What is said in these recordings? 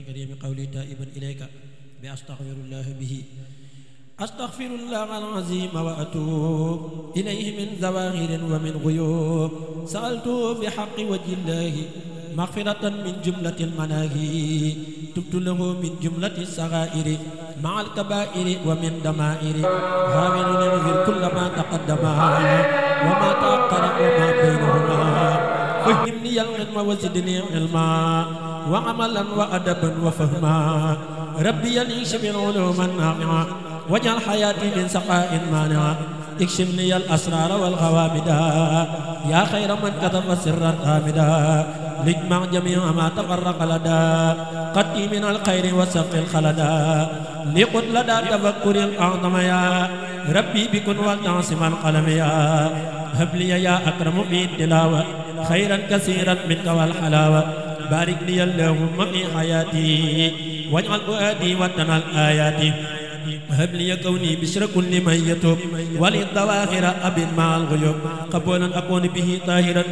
الكريم قولي تائبا إليك بأستغفر الله به أستغفر الله العظيم وأتوب إليه من زواهر ومن غيوب سألته بحق وجه الله مغفرة من جملة المناهي تبت له من جملة الصغائر مع الكبائر ومن دمائر هامل يغفر كل ما تقدم وما تأخر وما بينهما فهمني العلم وزدني علما وعملا وأدبا وفهما ربي ينيش من علوما نافعة وجعل حياتي من سقاء مانعا اكشف لي الأسرار والغوامدا يا خير من كتب سرا آمدا لجمع جميع ما تفرق لدا قتي من الخير وسق الخلدا لقد لدى تفكر الأعظم يا ربي بكن والتعصم القلم يا هب لي يا أكرم في التلاوة خيرا كثيرا منك والحلاوة بارك لي اللهم في حياتي واجعل فؤادي وطن الآيات هب لي كوني بشر كل من يتوب وللظواهر أبد مع الغيوب قبولا أكون به طاهرا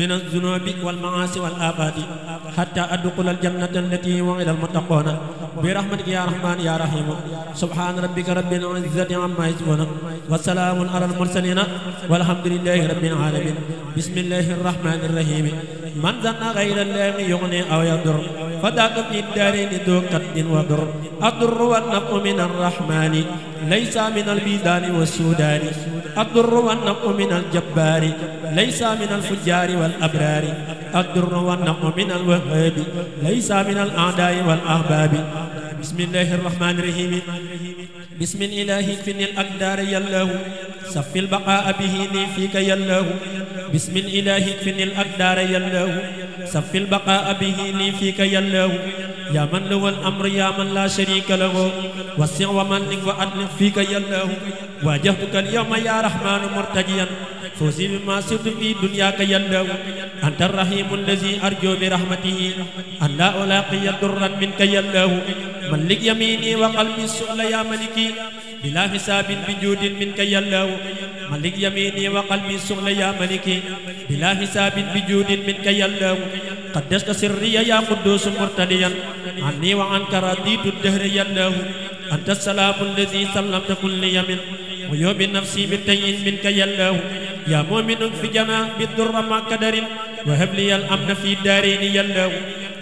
من الذنوب والمعاصي والآفات حتى أدخل الجنة التي وعد المتقون برحمتك يا رحمن يا رحيم سبحان ربك رب العزة عما يصفون وسلام على المرسلين والحمد لله رب العالمين بسم الله الرحمن الرحيم من ظن غير الله يغني أو يضر فداك في الدارين ذو قد وضر الضر والنفع من الرحمن ليس من البيدان والسودان الضر والنفع من الجبار ليس من الفجار والأبرار الضر والنفع من الوهاب ليس من الأعداء والأحباب بسم الله الرحمن الرحيم بسم الله فن الأقدار يا الله سف البقاء به لي فيك يا الله بسم الإله اكفني الأقدار يا الله سف البقاء به لي فيك يا الله يا من له الأمر يا من لا شريك له وسع ومن وأدلف فيك يا الله واجهتك اليوم يا رحمن مرتجيا فوزي بما سرت في دنياك يا الله أنت الرحيم الذي أرجو برحمته أن لا ألاقي ضرا منك يا الله ملك يميني وقلبي السؤل يا ملكي بلا حساب بجود منك يا الله ملك يميني وقلبي سغل يا ملكي بلا حساب بجود منك يا الله قدست سري يا قدوس مرتديا عني وعنك رديت الدهر يا الله أنت السلام الذي سلمت كل يمين ويوم نفسي بالتين منك يا الله يا مؤمن في جنا بالضر ما قدر وهب لي الأمن في دارين يا الله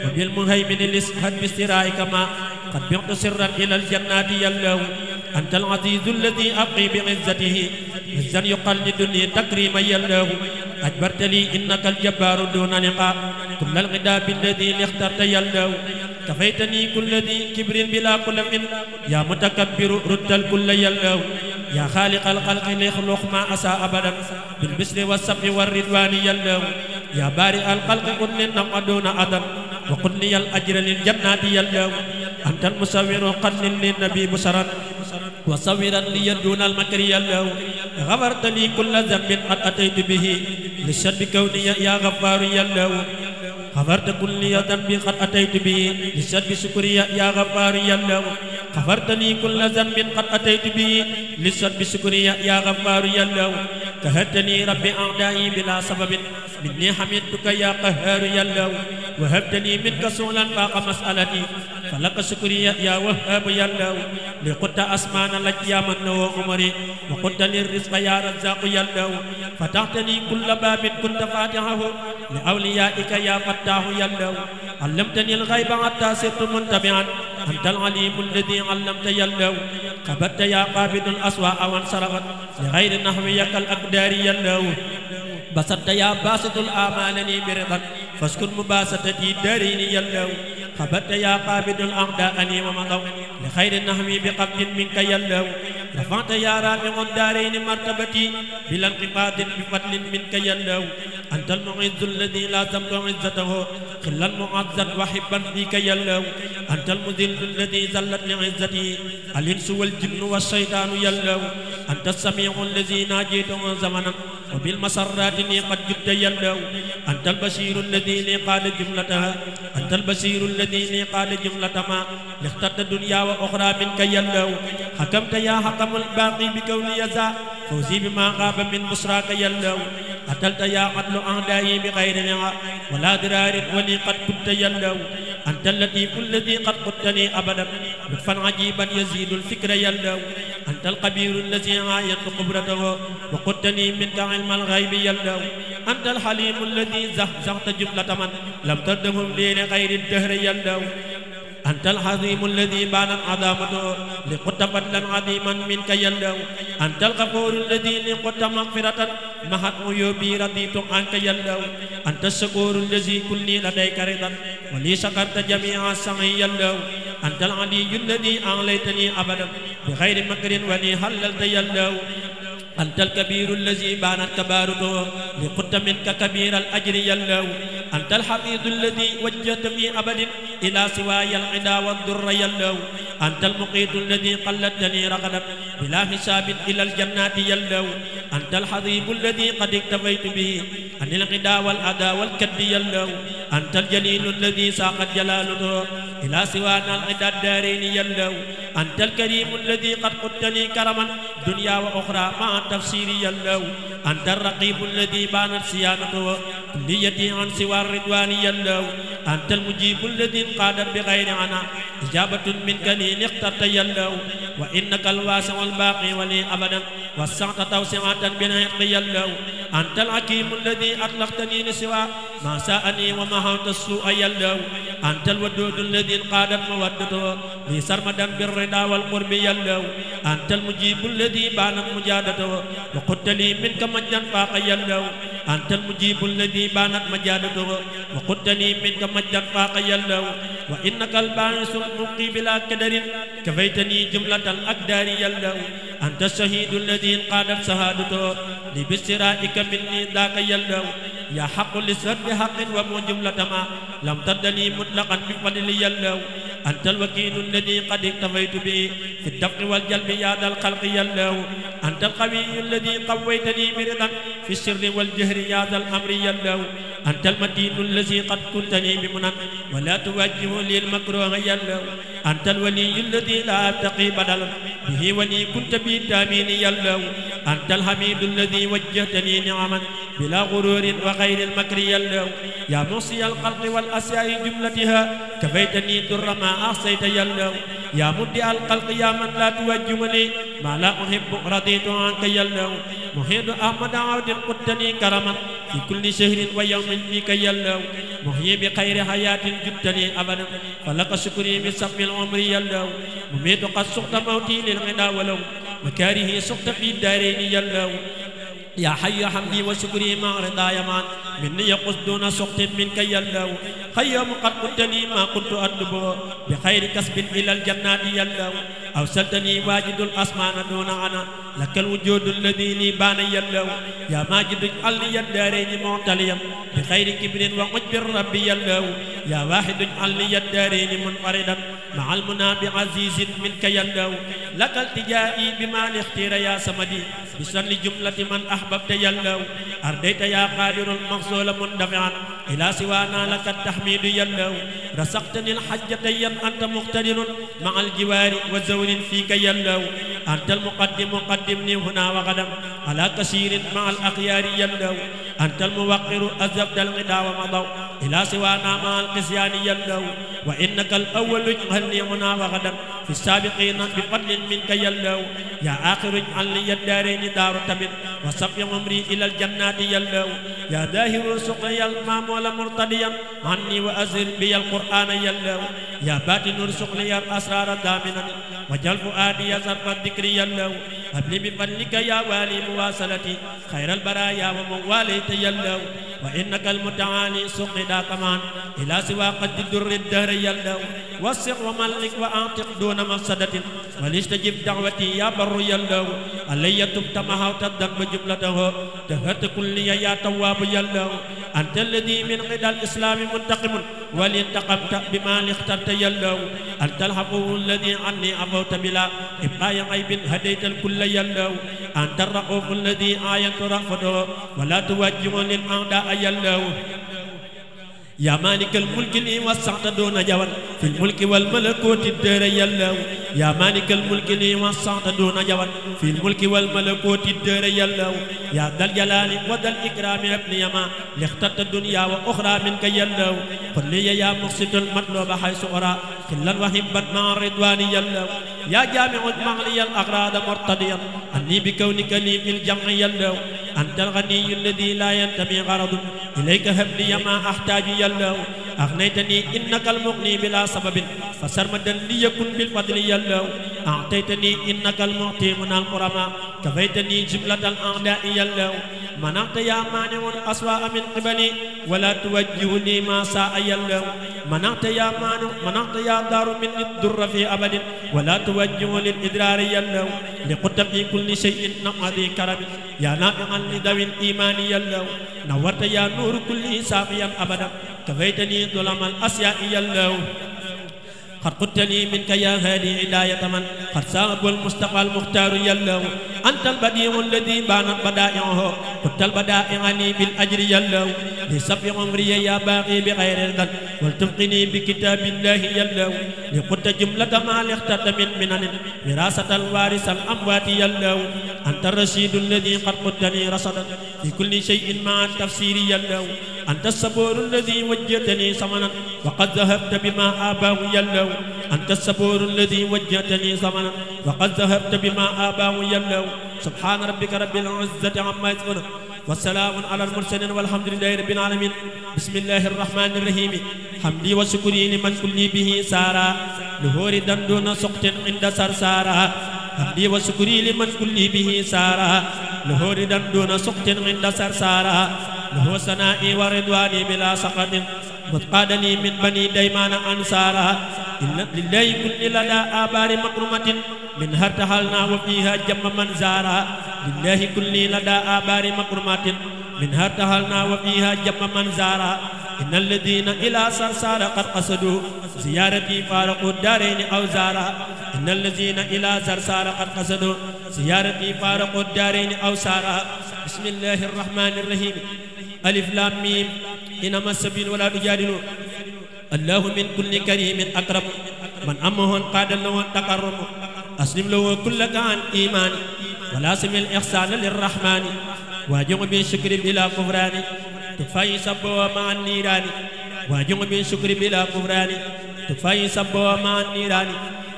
وبالمهيمن الاسهد بسرائك ما قد بعت سرا إلى الجنات يا الله أنت العزيز الذي أبقي بعزته عزا يقلدني تكريما يلاه أجبرت لي إنك الجبار دون نقاء كل الغداب الذي اخترت يلاه كفيتني كل ذي كبر بلا من يا متكبر رد الكل يلاه يا خالق الخلق ليخلق ما أسى أبدا بالبشر والسبع والردوان يلاه يا بارئ الخلق قل للنقى دون أدم وقل لي الأجر للجنات يلاه أنت المسور قل للنبي بسرا وصورا لي دون المكر يلو غفرت لي كل ذنب قد أتيت به لشد كوني يا غفار يلو غفرت كل ذنب قد أتيت به لشد شكري يا غفار يلو غفرت لي كل ذنب قد أتيت به لشد شكري يا غفار يلو كهتني ربي أعدائي بلا سبب مني حمدتك يا قهار يلو وهبت لي منك سؤلا فاق مسألتي فلق شكري يا وهاب يا الله لقد أسمان لك يا من هو عمري وقد لي الرزق يا رزاق يا الله فتحت لي كل باب كنت فاتحه لأوليائك يا فتاح يا الله علمتني الغيب حتى صرت منتبعا أنت العليم الذي علمت يا الله قبضت يا قابض الأسواء وانصرفت لغير نحويك الأقدار يا الله بسطت يا باسط الآمال لي برضا فاسكن مباستتي داريني يلو خبرت يا قابد أني ومضوا لخير نهمي بقبض منك يلو رفعت يا رافع الدارين مرتبتي بلا انقباض بفضل منك يلو أنت المعز الذي لا تملو عزته خلا معزا وحبا فيك يلو أنت المذل الذي زلت لعزتي الإنس والجن والشيطان يلو أنت السميع الذي ناجيته زمنا وبالمسرات قد جبت يلدو أنت البشير الذي قال جملتها أنت البشير الذي قال قال جملتما لاخترت الدنيا وأخرى منك يلدو حكمت يا حكم الباقي بكون يزا فوزي بما غاب من بشراك يلدو قتلت يا قتل أعدائي بغير نعم ولا درار ولي قد كنت يلدو أنت الذي الذي قد قلت أبدا لطفا عجيبا يزيد الفكر يلدو أنت القبير الذي عايت قبرته وقدني منك علم الغيب يلدو أنت الحليم الذي زهزهت جملة من لم تردهم لي لغير الدهر يلدو أنت العظيم الذي بان عظامته لقد بدلا عظيما منك يلو أنت الغفور الذي لقد مغفرة مهد عيوبي رضيت عنك يلو أنت الشكور الذي كلي لديك رضا ولي شكرت جميع سعي يلو أنت العلي الذي أعليتني أبدا بغير مكر ولي هللت يلو أنت الكبير الذي بان التبارك لقد منك كبير الأجر يلو أنت الحفيظ الذي وجهت في أبد إلى سواي العدا والضر يلو أنت المقيت الذي قلتني رغدا بلا حساب إلى الجنات يلو أنت الحظيم الذي قد اكتفيت به عن الغدا والأذى والكد يلو أنت الجليل الذي ساقت جلاله إلى سوانا عند الدارين يلو أنت الكريم الذي قد قلت لي كرما دنيا وأخرى مع تفسير يلو أنت الرقيب الذي بانت صيانته كليتي عن سوى الرضوان يلو أنت المجيب الذي انقادت بغير عنا إجابة منك لي اخترت يلو وإنك الواسع الباقي ولي أبدا وسعت توسعة بنعق يلو أنت الحكيم الذي أطلقتني لسوى ما ساءني وما هوت السوء يلو أنت الودود الذي الذي قادت مودته لي سرمدا بالرضا والقرب يلو أنت المجيب الذي بانت مجادته وقلت لي منك مجدا فاق يلو أنت المجيب الذي بانت مجادته وقدني منك مجدا فاق يلو وإنك الباعث المبقي بلا كدر كفيتني جملة الأقدار يلو أنت الشهيد الذي انقادت سهادته لبسرائك مني ذاك يلو يا حق لسر حق ومجملة ما لم تردني مطلقا بفضل يلو أنت الوكيل الذي قد اكتفيت به في الدفع والجلب يا ذا الخلق يلو أنت القوي الذي قويتني مرضا في السر والجهر يا ذا الأمر يا الله أنت المتين الذي قد كنتني بمنن ولا توجه لي المكروه يا الله أنت الولي الذي لا أبتقي بدلا به ولي كنت بي تامين يا الله أنت الحميد الذي وجهتني نعما بلا غرور وغير المكر يا الله يا موصي الخلق والأسياء جملتها كفيتني در ما أحصيت يا الله يا مبدع الخلق يا من لا توجهني ما لا أحب رضيت عنك يا الله محيط أحمد عبد قدني كرما في كل شهر ويوم فيك يا الله محيي بخير حياة جدني أبدا فلك شكري بسقم العمر يا الله مميت قد سقط موتي للغنى ولو مكاره سقط في الدارين يا الله يا حي حمدي وشكري مع رضا يمان مني يقص دون سقط كي يلو خيام قد قلتني ما كنت أدب بخير كسب إلى الجنة يلو سلتني واجد الأسمان دون أنا لك الوجود الذي لي بان يلو يا ماجد اجعل يداريني معتليا بخير كبر وعجب الرب يلو يا واحد اجعل لي الدارين منفردا مع المنى بعزيز منك يلو لك التجائي بما الاختير يا سمدي بسر جملة من أحببت يلو أرديت يا قادر المغصب سول مندفعا إلى سوانا لك التحميد يلو رسقتني الحجة يم أنت مقتدر مع الجوار وزول فيك يلو أنت المقدم قدمني هنا وغدا على كثير مع الأخيار يلو أنت الموقر أزبد الغدا ومضوا إلى سوانا نعم مع القسيان يلو وإنك الأول اجعل هنا وغدا في السابقين بفضل منك يا الله يا آخر اجعل لي الدارين دار تبت وصف عمري إلى الجنات يا الله يا ظاهر السوق يا المام ولا مرتديا عني وأزر بي القرآن يا الله يا باطن السوق لي الأسرار دامنا وجل فؤادي يزرف الذكر يا الله أبلي بفضلك يا والي مواصلتي خير البرايا وموالي يا الله وإنك المتعالي سوق دا كمان إلى سوى قد الدر الدهر يلدو وسق ملك وأعتق دون مفسدة وليستجب دعوتي يا بر يلدو علي تبت تبتمها وتدق بجملته تهت كل يا تواب يلدو أنت الذي من قدى الإسلام منتقم ولانتقمت بما اخترت يلدو أنت الحفو الذي عني عفوت بلا إبقاء عيب هديت الكل يلدو أنت الرؤوف الذي آية رأفته ولا توجه للأعداء يلدو يا مالك الملك لي وسعت دون جوان في الملك والملكوت الدار يلا يا مالك الملك لي وسعت دون جوان في الملك والملكوت الدار يلا يا ذا الجلال وذا الإكرام يا ابن يما لاخترت الدنيا وأخرى منك يلا قل لي يا مقصد المطلوب حيث أرى كلا وهبا مع الرضوان يلا يا جامع المغلي الأغراض مرتديا أني بكونك لي في الجمع يلا أنت الغني الذي لا ينتمي غرض إليك هب لي ما أحتاج يا الله أغنيتني إنك المغني بلا سبب فسرمدا ليكن بالفضل يا الله أعطيتني إنك المعطي من الكرماء كفيتني جملة الأعداء يا الله منعت يا مانع أسوأ من قبلي ولا توجه لي ما ساء يلوم من يا مانع من يا دار من الدر في أبد ولا توجه للإدرار يلهم لقد في كل شيء نقضي كرم يا نافعا لذوي الإيمان يلهم نورت يا نور كل ساميا أبدا كفيتني ظلم الأسياء يلهم قد قلت لي منك يا هادي هداية من قد صاب المستقى المختار يلاه أنت البديع الذي بانت بدائعه قلت البدائع لي بالأجر يلاه لسبع عمري يا باقي بغير الغد ولتبقني بكتاب الله يلاه لقلت جملة ما لختت من منن وراثة الوارث الأموات يلاه أنت الرشيد الذي قد قلتني رصدا في كل شيء مع التفسير يلاه أنت الصبور الذي وجهتني صمنا وقد ذهبت بما آباه يلو أنت الصبور الذي وجهتني صمنا وقد ذهبت بما آباه يلو سبحان ربك رب العزة عما يصفون والسلام على المرسلين والحمد لله رب العالمين بسم الله الرحمن الرحيم حمدي وشكري لمن كل به سارا نهور دندون سقط عند سرسارا حمدي وشكري لمن كل به سارا نهور دندون سقط عند سرسارا وهو سنائي ورضواني بلا سقط متقادني من بني ديمان أنصارها إن لله كل لدى آبار مكرمة من هرتحلنا وفيها جم من زارا لله كل لدى آبار مكرمة من هرتحلنا وفيها جم من زارا إن الذين إلى سرسار قد قصدوا زيارتي فارقوا الدارين أو زارا إن الذين إلى سرسار قد قصدوا زيارتي فارقوا الدارين أو سارها بسم الله الرحمن الرحيم ألف لام ميم إنما السبيل ولا تجادلوا الله من كل كريم أقرب من أمه قاد له تقرب أسلم له كل كان إيمان ولا سم الإحسان للرحمن واجم بالشكر بلا كفران تفاي سبوا مع النيران واجم بالشكر بلا كفران تفاي سبوا مع النيران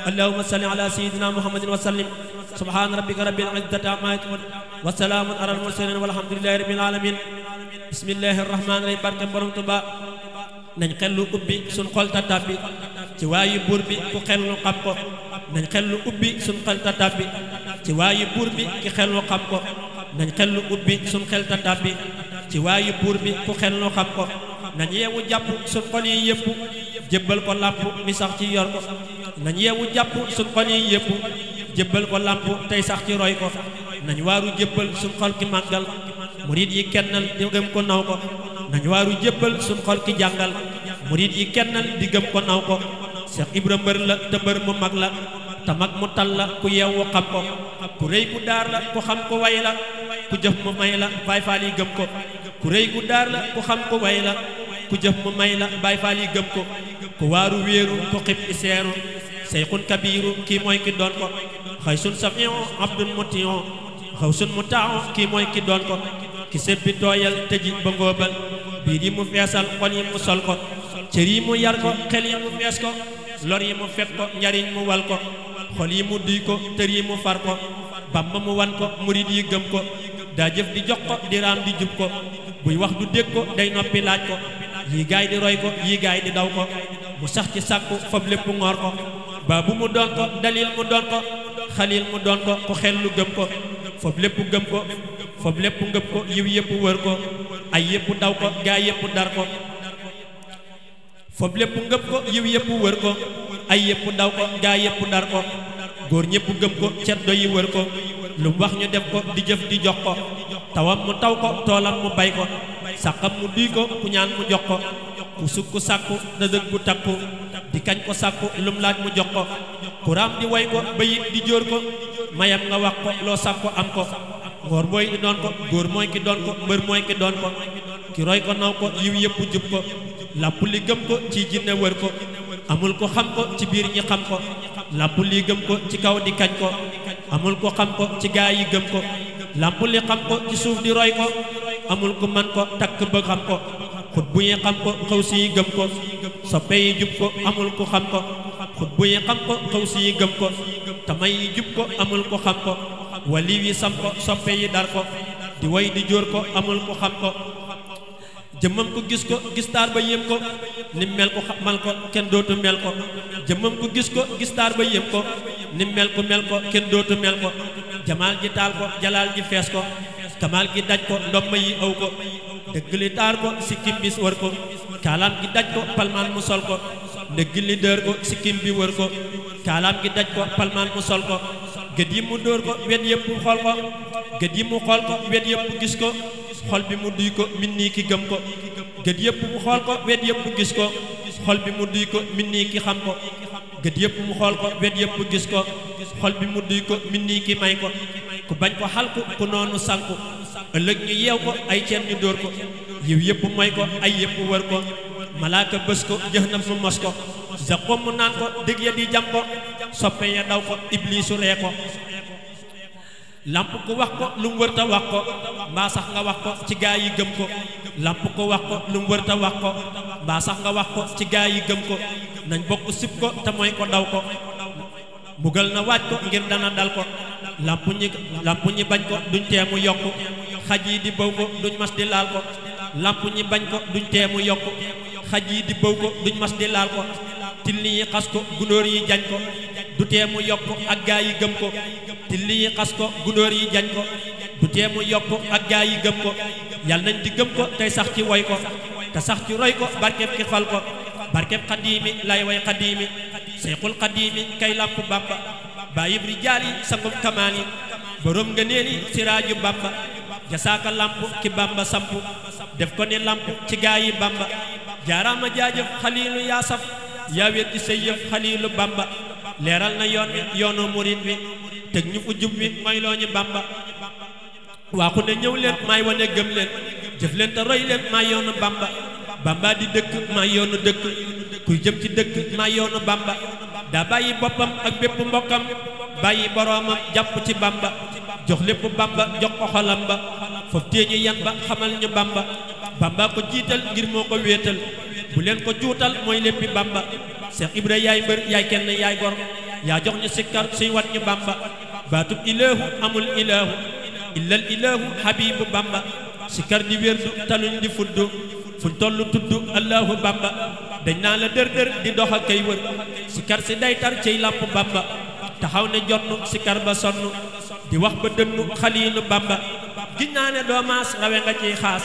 اللهم صل على سيدنا محمد وسلم سبحان ربك رب العزة عما يصفون وسلام على المرسلين والحمد لله رب العالمين Bismillahirrahmanirrahim. barke borom tuba nañ xellu lu ubbi suñ xol ta tàbbi ci wayu bur bi ku xellu xam ko nañ xellu lu ubbi suñ xel ta tàbbi ci wayu bur bi ki xellu xam ko nañ xellu ubbi xel ta tàbbi ci wayu bur bi ku xellu xam ko nañ yewu japp sun xol yi yep jébbal ko lamp mi sax ci yor ko nañ yewu japp sun xol yi yep jébbal ko lamp tay sax ci roy ko nañ waru jébbal sun xol ki magal murid yi kennal di gëm ko naw ko nañ waaru jébbal suñ xol ki jàngal murid yi kennal di gëm ko naw ko Cheikh Ibra mbër la te mu mag la te mu tal la ku yeewu xam ko ku rëy ku daar la ku xam ko way la ku jëf mu may la Baay Faal yi gëm ko ku rëy ku daar la ku xam ko way la ku jëf mu may la Baay Faal yi gëm ko ku waaru wéeru ku xib i seeru seyxun kabiiru kii mooy ki doon ko xëy sun safiyon abdun mutiyon xaw sun mutaayon kii mooy ki doon ko ki sebbi tooyal tëji ba ngóobal biir yi mu feesal xol yi mu sol ko cër yi mu yar ko xel yi mu fees ko lor yi mu fet ko njariñ mu wal ko xol yi mu duy ko tër yi mu far ko bamba mu wan ko murid yi gëm ko daa di jox ko di raam di jub ko buy wax du dégg ko day noppi laaj ko yii gaay di roy ko yii gaay di daw ko mu sax ci sàkku fab lépp ŋoor ko baabu mu doon ko dalil mu doon ko xalil mu doon ko ku xel lu gëm ko fab lépp gëm ko fab lepp ngepp ko yew yëpp wër ko ay yëpp daw ko ga yëpp dar ko fab lepp ngepp ko yew yëpp wër ko ay yëpp daw ko ga yëpp dar ko gor ñepp gëm ko do yi wër ko lu wax ñu def ko di jëf di jox ko tawam mu taw ko tolam mu bay ko sakam mu di ko ku ñaan mu jox ko ku sukku sakku na dëgg bu takku di kañ ko sakku lum laaj mu jox ko kuraam di way ko bayit di jor ko mayam nga wax ko lo sakku am ko góor booy ki doon ko góor mooy ki doon ko mbër mooy ki doon ko ki roy ko naw ko yiw yépp jub ko làpp li gëm ko ci jinne wër ko amul ko xam ko ci biir ñi xam ko làpp li gëm ko ci kaw di kaj ko amul ko xam ko ci gaa yi gëm ko làpp li xam ko ci suuf di roy ko amul ko man ko takk ba xam ko xut bu yi xam ko xaw si yi gëm ko soppe yi jub ko amul ko xam ko xut bu yi xam ko xaw si yi gëm ko tama yi jub ko amul ko xam ko waliw yi sam ko soppe yi dar ko di way di jóor ko amul ko xam ko jëmmam ko gis ko gis taar ba yéem ko ni mel xamal ko kenn dootu mel ko jëmmam ko gis ko gis taar ba yéem ko ni mel mel ko kenn dootu mel ko jamaal ji taal ko jalaal ji fees ko kamaal gi daj ko ndomma yi aw ko dëgg li taar ko sikkim bi wër ko kaalaam gi daj ko palmaan mu sol ko dëgg li dër ko sikkim bi wër ko kaalaam gi daj ko palmaan mu sol ko gët yi mu dóor ko wet yëpp xool ko gët yi mu xool ko wet yëpp gis ko xol bi mu duy ko min nii ki gëm ko gët yëpp mu xool ko wet yépp gis ko xol bi mu duy ko min ki xam yëpp mu xool ko wet yëpp gis ko xol bi mu duy ko min nii ki may ko ku bañ ko xalku ku noonu sànku ëllëg ñu yeew ko ay ceeb ñu dóor ko yiw yëpp mooy ko ay yëpp wër ko malaaka bés ko jëx na mu mos ko sa xomm naan ko dëgg ya di jam ko ya daw ko iblis ree ko lamp ko wax ko lu mu wërta wax ko ba sax nga wax ko ci gaay yi gëm ko lamp ko wax ko lu wërta wax ko ba sax nga wax ko ci gaay yi gëm ko nañ bokk sip ko ta moy ko daw ko bugal na wacc ko ngir dana dal ko lamp ñi lamp ñi bañ ko duñ teemu yokk xaji di bëw ko duñ mas di laal ko lamp ñi bañ ko duñ teemu yokk xaji di bëw ko duñ mas di laal ko tilni xas yi jañ ko duté mu yok ak gaay yi gëm ko ti li xass ko gundor yi jagn ko duté mu yok ak gaay yi gëm ko yàlla nañ di gëm ko tay sax ci way ko ta sax ci roy ko barkeb ki fal ko barkeb qadimi lay way qadimi shaykhul qadimi kay làmp bamba baye rijaal sangum kamaal borom nga neeli siraju bamba jasaaka lamp ki bamba sampu def ko ni lamp ci gaay yi bamba jaarama jaajeuf khalilu yasaf ya wetti khalilu bamba leeral na yoon wi yoonu murit wi teg ñu fu wi mooy loo ñu bàmba waaxu ne ñëw leen maay wane gëm leen jëf leen te roy leen maa yoonu bàmba bàmba di dëkk maa yoonu dëkk kuy jëm ci dëkk maa yoonu bàmba daa bàyyi boppam ak bépp mbokkam bàyyi boroomam jàpp ci bàmba jox lépp bàmba jox ko ba foofu tee ñu yan ba xamal ñu bàmba bàmba ko jiital ngir moo ko wéetal bu leen ko juutal mooy léppi bàmba Seex Ibra yaay mbër yaay kenn yaay gor yaa jox ñu sikkar suy wat ñu bamba baatub ilaahu amul ilaahu illal ilaahu habibu bamba sikkar di wérdu taluñ di fuddu fuñ tollu tuddu allahu bamba dañ naa la dër dër di dox kay wër sikkar si day tar ciy làmp bamba taxaw ne jonnu sikkar ba sonn di wax ba dënnu xaliilu bamba giñ naa ne doo maas rawe nga ciy xaas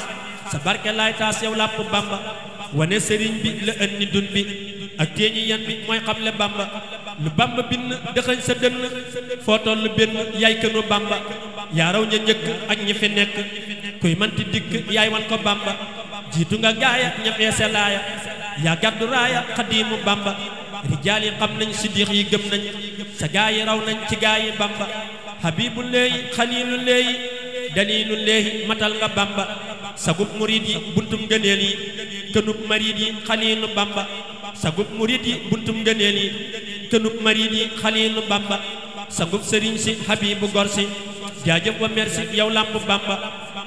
sa barke laay taas yow làpp bamba wane sëriñ bi la ënni dun bi ak teeñi yan bi mooy xamle bamba lu bamba bind dëxañ sa dënn foo toll benn yaay kënu bamba yaa raw ña njëkk ak ñi fi nekk kuy manti dikk yaay wan ko bamba jiitu nga gaaya ña feese laaya yaa gàddu raaya xadiimu bamba rijaal yi xam nañ siddiix yi gëm nañ sa gaa raw nañ ci gaa yi bamba habibu léeyi xaliilu léeyi daliilu léeyi matal nga bamba sagub murid yi buntum gëneel yi kënub marid yi xaliilu bamba Sagup muridi yi buntum ngëneel yi khalil marid bamba sagup sëriñ si habibu gorsi si wa merci yow lamb bamba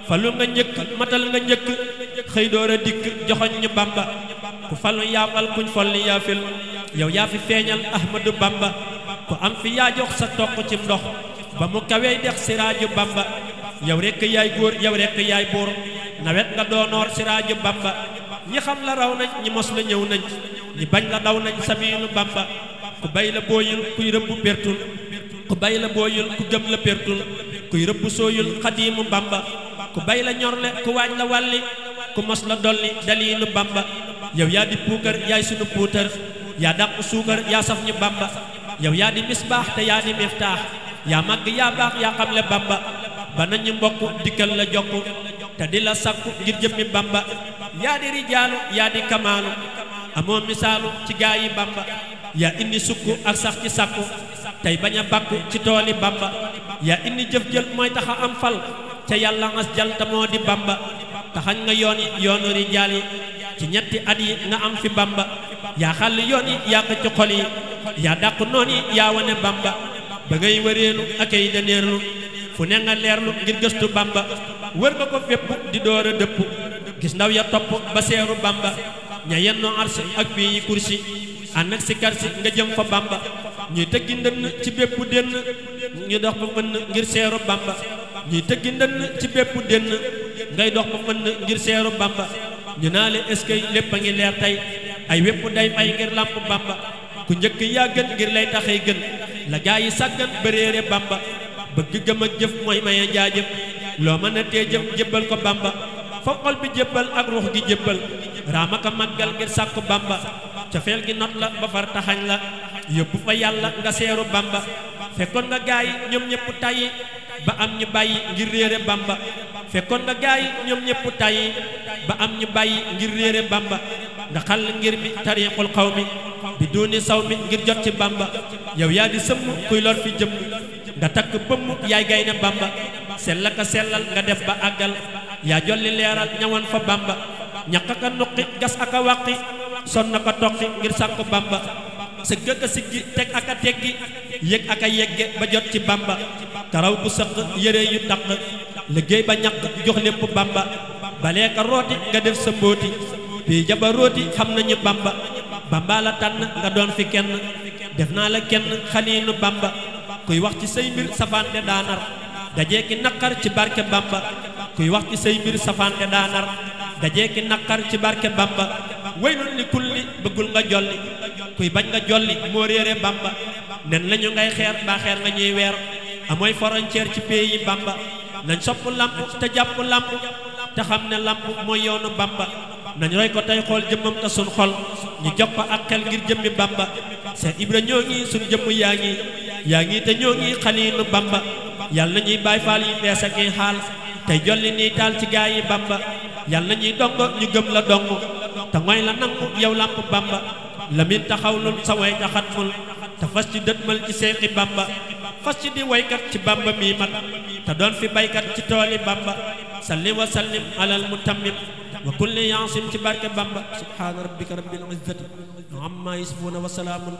falu nga njëkk matal nga njëkk xëy door a dikk joxoñ ñu bamba ku falu yaafal kuñ folli yaafil yow ya fi feñal ahmadu bamba ku am fi ya jox sa tok ci ndox ba mu kawé dex siraju bamba yow rek yaay gor yow rek yaay bor nawet nga doonoor siraju bamba ñi xam la raw nañ ñi mos la ñëw nañ ñi bañ la daw nañ sabiilu bamba ku bay la booyul kuy rëbb pertul ku bay la booyul ku gëm la pertul kuy rëbb sooyul xadiimu bamba ku bay la ñorle ku waañ la wàlli ku mos la dolli daliilu bamba yow yaa di puukar yaay sunu puutar yaa dàq suukar yaa saf ñu bamba yow yaa di misbaax te yaa di miftaax yaa màgg yaa baax yaa xamle bamba ba nañu mbokk dikkal la jokk te di la sakku ngir jëmmi bamba yaa di rijaalu yaa di kamaalu amoo misaalu ci gaa yi bamba yaa indi sukku ak sax ci sakku tey bañ a bakku ci tooli bamba yaa indi jëf jël mooy taxa am fal ca yàlla ngas jal te moo di bamba taxañ nga yoon yi yoonu rijaal yi ci ñetti at yi nga am fi bamba yaa xàll yoon yi yaa ci xol yi yaa dàq noon yi yaa wane bamba ba ngay wëreelu ak ay daneerlu fu ne nga leerlu ngir gëstu bamba wër ba ko di dora depp gis ndaw ya top ba bamba nya yenno ars ak kursi an ak sikar nga jëm fa bamba ñi teggi ndan ci bépp den ñi dox ba mën ngir séru bamba ñi teggi ndan ci bépp den ngay dox ba mën ngir séru bamba ñu naa le est-ce que lepp a ay day may ngir lamp bamba ku ñëk ya gën ngir lay taxay gën la gaay sagan bamba bëgg gëma jëf moy maye jaajëf loo mën a tee jëm jébbal ko bamba fa bi jébbal ak ruux gi jébbal a màggal ngir sàkku bamba cofeel gi not la ba far taxañ la yóbbu fa yàlla nga seeru bamba fekkoon nga gaa yi ñoom ñëpp tayyi ba am ñu bàyyi ngir réere bamba fekkoon nga gaa yi ñoom ñëpp tayyi ba am ñu bàyyi ngir réere bamba nga xàll ngir mi tariixul xaw bi duuni saw mi ngir jot ci bamba yow yaa di sëmm kuy lor fi jëmm nga takk bëmm yaay gaynde bamba sella a sellal nga def ba àggal yaa jolli leeral ñawan fa bamba ñaq a nuqi gas aka wàqi son na ko toqi ngir sàkku bamba sa gëkk a siggi teg a teggi yëg aka yegge ba jot ci bamba karaw bu sëq yére yu taq liggéey ba ñaq jox lépp bamba balee ka rooti nga def sa mbóoti bii jaba xam nañu bamba bamba la tànn nga doon fi kenn def naa la kenn xaliilu bamba kuy wax ci say mbir safaan daanar dajeeki naqar ci barke bamba kuy wax ci say mbir safaan nga daanar dajeeki naqar ci barke bamba waylun li kulli bëggul nga jolli kuy bañ nga jolli moo réere bamba nen lañu ngay xeer mbaa xeer nga ñuy weer amooy frontière ci pays yi bamba nañ sopp lamp te jàpp lamp te xam ne lamp mooy yoonu bamba nañ roy ko tey xool jëmmam te suñ xol ñu jox ak xel ngir jëmmi bamba Seex Ibra ñoo ngi suñ jëmm yaa ngi yaa ngi te ñoo ngi xaliilu bamba yal na ñuy baay faal yi fees ak i xaal jolli nii taal ci gaa yi bamba yal na ñuy dong ñu gëm la dong te mooy la nangu yow làmp bamba lamin taxawlul sa way ta xatmul te fas ci dëtmal ci seexi bamba fas ci di waykat ci bamba mii mat te doon fi baykat ci tooli bamba salli wa sallim alal mutammim wa kulli yaasim ci barke bamba subhaana rabbika rabbil izzati amma yasifuna wa salaamun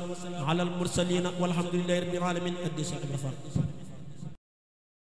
alal mursalina walhamdulillahi rabbil alamin addi